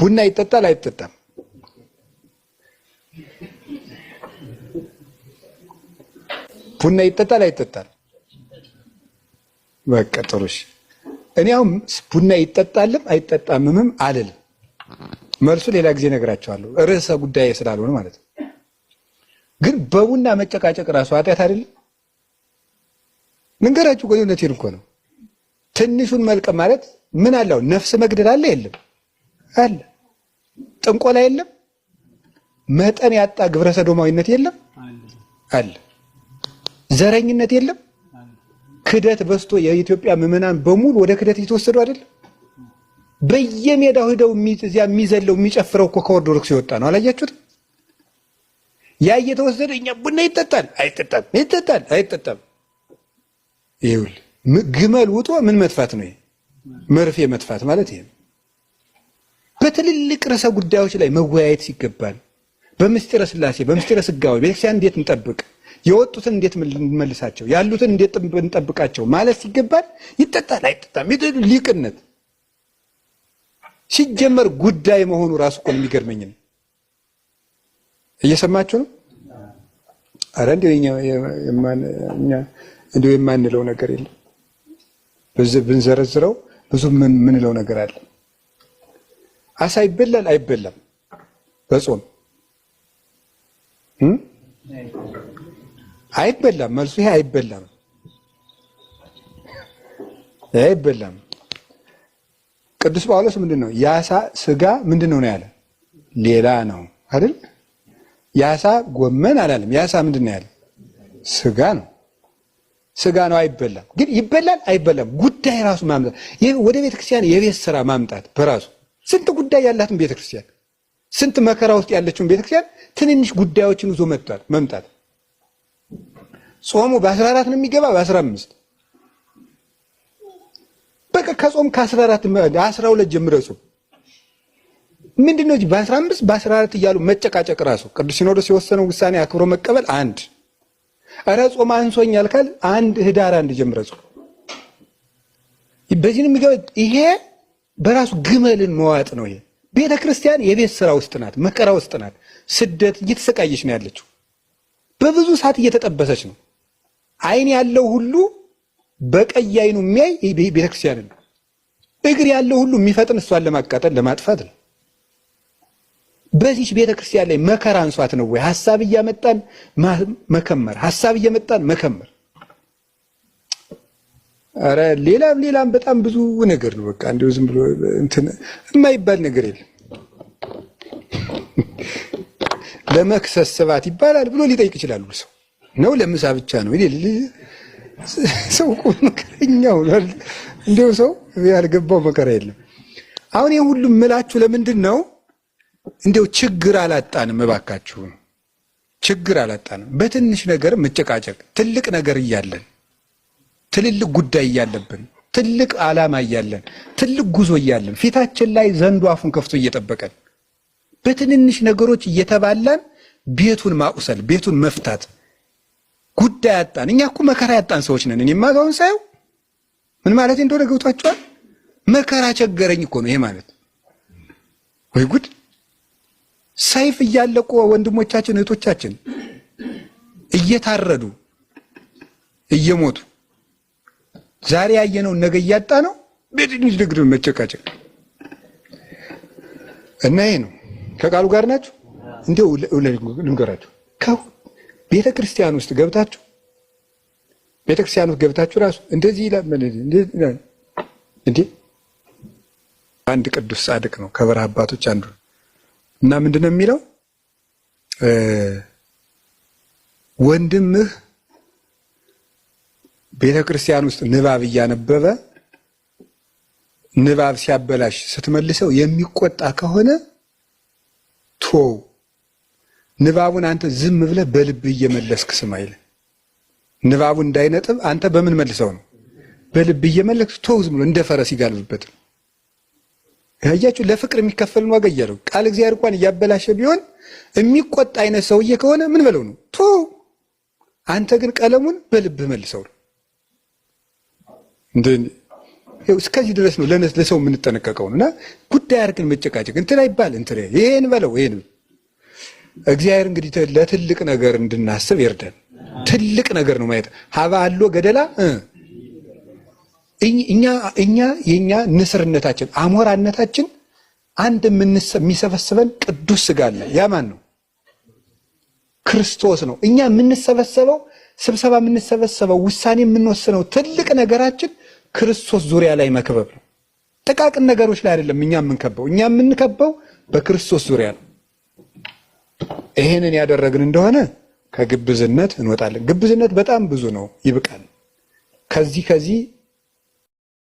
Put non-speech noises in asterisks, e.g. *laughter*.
ቡና ይጠጣል አይጠጣም? ቡና ይጠጣል አይጠጣል? በቃ ጥሩሽ። እሺ። እኔ አሁን ቡና ይጠጣልም አይጠጣምምም አልልም። መልሱ ሌላ ጊዜ ነግራቸዋለሁ። ርዕሰ ጉዳይ ስላልሆነ ማለት ነው። ግን በቡና መጨቃጨቅ ራሱ ኃጢአት አይደለም። ንገራችሁ እውነቴን እኮ ነው። ትንሹን መልቀም ማለት ምን አለው? ነፍስ መግደል አለ የለም አለ። ጥንቆላ የለም። መጠን ያጣ ግብረ ሰዶማዊነት የለም አለ። ዘረኝነት የለም። ክደት በዝቶ የኢትዮጵያ ምዕመናን በሙሉ ወደ ክደት እየተወሰዱ አይደለም። በየሜዳው ሂደው እዚያ የሚዘለው የሚጨፍረው እኮ ከኦርቶዶክስ የወጣ ነው። አላያችሁትም? ያ እየተወሰደ እኛ ቡና ይጠጣል አይጠጣም፣ ይጠጣል አይጠጣም። ይኸውልህ ግመል ውጦ ምን መጥፋት ነው? መርፌ መጥፋት ማለት ይሄ ነው። በትልልቅ ርዕሰ ጉዳዮች ላይ መወያየት ሲገባል። በምስጢረ ስላሴ፣ በምስጢረ ስጋዊ ቤተክርስቲያን እንዴት እንጠብቅ፣ የወጡትን እንዴት እንመልሳቸው፣ ያሉትን እንዴት እንጠብቃቸው ማለት ሲገባል ይጠጣል አይጠጣም ሊቅነት ሲጀመር ጉዳይ መሆኑ ራሱ እኮ የሚገርመኝ ነው። እየሰማችሁ ነው። አረ እንዲሁ የማንለው ነገር የለም። ብንዘረዝረው ብዙ ምንለው ነገር አለ። አሳ ይበላል አይበላም? በጾም አይበላም። መልሱ ይሄ አይበላም፣ አይበላም። ቅዱስ ጳውሎስ ምንድን ነው የአሳ ስጋ ምንድን ነው ነው ያለ? ሌላ ነው አይደል? የአሳ ጎመን አላለም። የአሳ ምንድን ነው ያለ? ስጋ ነው ስጋ ነው አይበላም። ግን ይበላል አይበላም ጉዳይ ራሱ ማምጣት ወደ ቤተክርስቲያን የቤት ስራ ማምጣት በራሱ ስንት ጉዳይ ያላትን ቤተክርስቲያን ስንት መከራ ውስጥ ያለችውን ቤተክርስቲያን ትንንሽ ጉዳዮችን ይዞ መጥቷል መምጣት ጾሙ በ14 ነው የሚገባ በ15 በቃ ከጾም ከ14 12 ጀምረ ጾም ምንድነው? በ15 በ14 እያሉ መጨቃጨቅ ራሱ ቅዱስ ሲኖዶስ የወሰነው ውሳኔ አክብሮ መቀበል አንድ ኧረ ጾም አንሶኛል ካል አንድ ህዳር አንድ ጀምረ ጾም በዚህ ነው የሚገባ ይሄ በራሱ ግመልን መዋጥ ነው። ይሄ ቤተ ክርስቲያን የቤት ስራ ውስጥ ናት፣ መከራ ውስጥ ናት። ስደት እየተሰቃየች ነው ያለችው። በብዙ ሰዓት እየተጠበሰች ነው። አይን ያለው ሁሉ በቀይ አይኑ የሚያይ ቤተ ክርስቲያን ነው። እግር ያለው ሁሉ የሚፈጥን እሷን ለማቃጠል ለማጥፋት ነው። በዚች ቤተ ክርስቲያን ላይ መከራ እንሷት ነው ወይ ሀሳብ እያመጣን መከመር፣ ሀሳብ እየመጣን መከመር አረ ሌላም ሌላም በጣም ብዙ ነገር ነው። በቃ እንደው ዝም ብሎ እንትን የማይባል ነገር የለም። *laughs* ለመክሰስ ስባት ይባላል ብሎ ሊጠይቅ ይችላል ሰው ነው ለምሳ ብቻ ነው ሰው እኮ መከረኛው እንደው ሰው ያልገባው መከራ የለም። አሁን ይህ ሁሉ ምላችሁ ለምንድን ነው? እንደው ችግር አላጣንም፣ እባካችሁ ችግር አላጣንም። በትንሽ ነገር መጨቃጨቅ ትልቅ ነገር እያለን ትልልቅ ጉዳይ እያለብን ትልቅ ዓላማ እያለን ትልቅ ጉዞ እያለን ፊታችን ላይ ዘንዱ አፉን ከፍቶ እየጠበቀን በትንንሽ ነገሮች እየተባላን ቤቱን ማቁሰል ቤቱን መፍታት ጉዳይ አጣን። እኛ እኮ መከራ ያጣን ሰዎች ነን። እኔማ አሁን ሳየው ምን ማለት እንደሆነ ገብቷቸዋል። መከራ ቸገረኝ እኮ ነው ይሄ ማለት። ወይ ጉድ! ሰይፍ እያለቆ ወንድሞቻችን እህቶቻችን እየታረዱ እየሞቱ ዛሬ ያየነውን ነገ እያጣ ነው። በትንሽ ንግድ መጨቃጨቅ እና ይሄ ነው። ከቃሉ ጋር ናችሁ። እንዲያው ልንገራችሁ፣ ቤተ ክርስቲያን ውስጥ ገብታችሁ ቤተ ክርስቲያን ውስጥ ገብታችሁ ራሱ እንደዚህ እንዴ አንድ ቅዱስ ጻድቅ ነው ከበረሃ አባቶች አንዱ እና ምንድን ነው የሚለው ወንድምህ ቤተ ክርስቲያን ውስጥ ንባብ እያነበበ ንባብ ሲያበላሽ ስትመልሰው የሚቆጣ ከሆነ ቶው ንባቡን አንተ ዝም ብለህ በልብ እየመለስክ ስማ ይለ ንባቡ እንዳይነጥብ አንተ በምን መልሰው ነው? በልብ እየመለስክ ቶ ዝም ብሎ እንደ ፈረስ ይጋልብበት ነው። ያያችሁ ለፍቅር የሚከፈልን ዋጋ እያለው ቃል እግዚአብሔር እንኳን እያበላሸ ቢሆን የሚቆጣ አይነት ሰውዬ ከሆነ ምን በለው ነው ቶ አንተ ግን ቀለሙን በልብ መልሰው ነው። እስከዚህ ድረስ ነው ለሰው የምንጠነቀቀውን እና ጉዳይ አድርገን መጨቃጨቅ እንትን አይባል እንትን ይሄን በለው ይሄን እግዚአብሔር እንግዲህ ለትልቅ ነገር እንድናስብ ይርደን። ትልቅ ነገር ነው ማየት ሀባ አሎ ገደላ እኛ እኛ የኛ ንስርነታችን አሞራነታችን አንድ የሚሰበስበን ቅዱስ ስጋ አለ። ያ ማን ነው? ክርስቶስ ነው። እኛ የምንሰበሰበው ስብሰባ የምንሰበሰበው ውሳኔ የምንወስነው ትልቅ ነገራችን ክርስቶስ ዙሪያ ላይ መክበብ ነው። ጥቃቅን ነገሮች ላይ አይደለም እኛ የምንከበው፣ እኛ የምንከበው በክርስቶስ ዙሪያ ነው። ይሄንን ያደረግን እንደሆነ ከግብዝነት እንወጣለን። ግብዝነት በጣም ብዙ ነው፣ ይብቃል። ከዚህ ከዚህ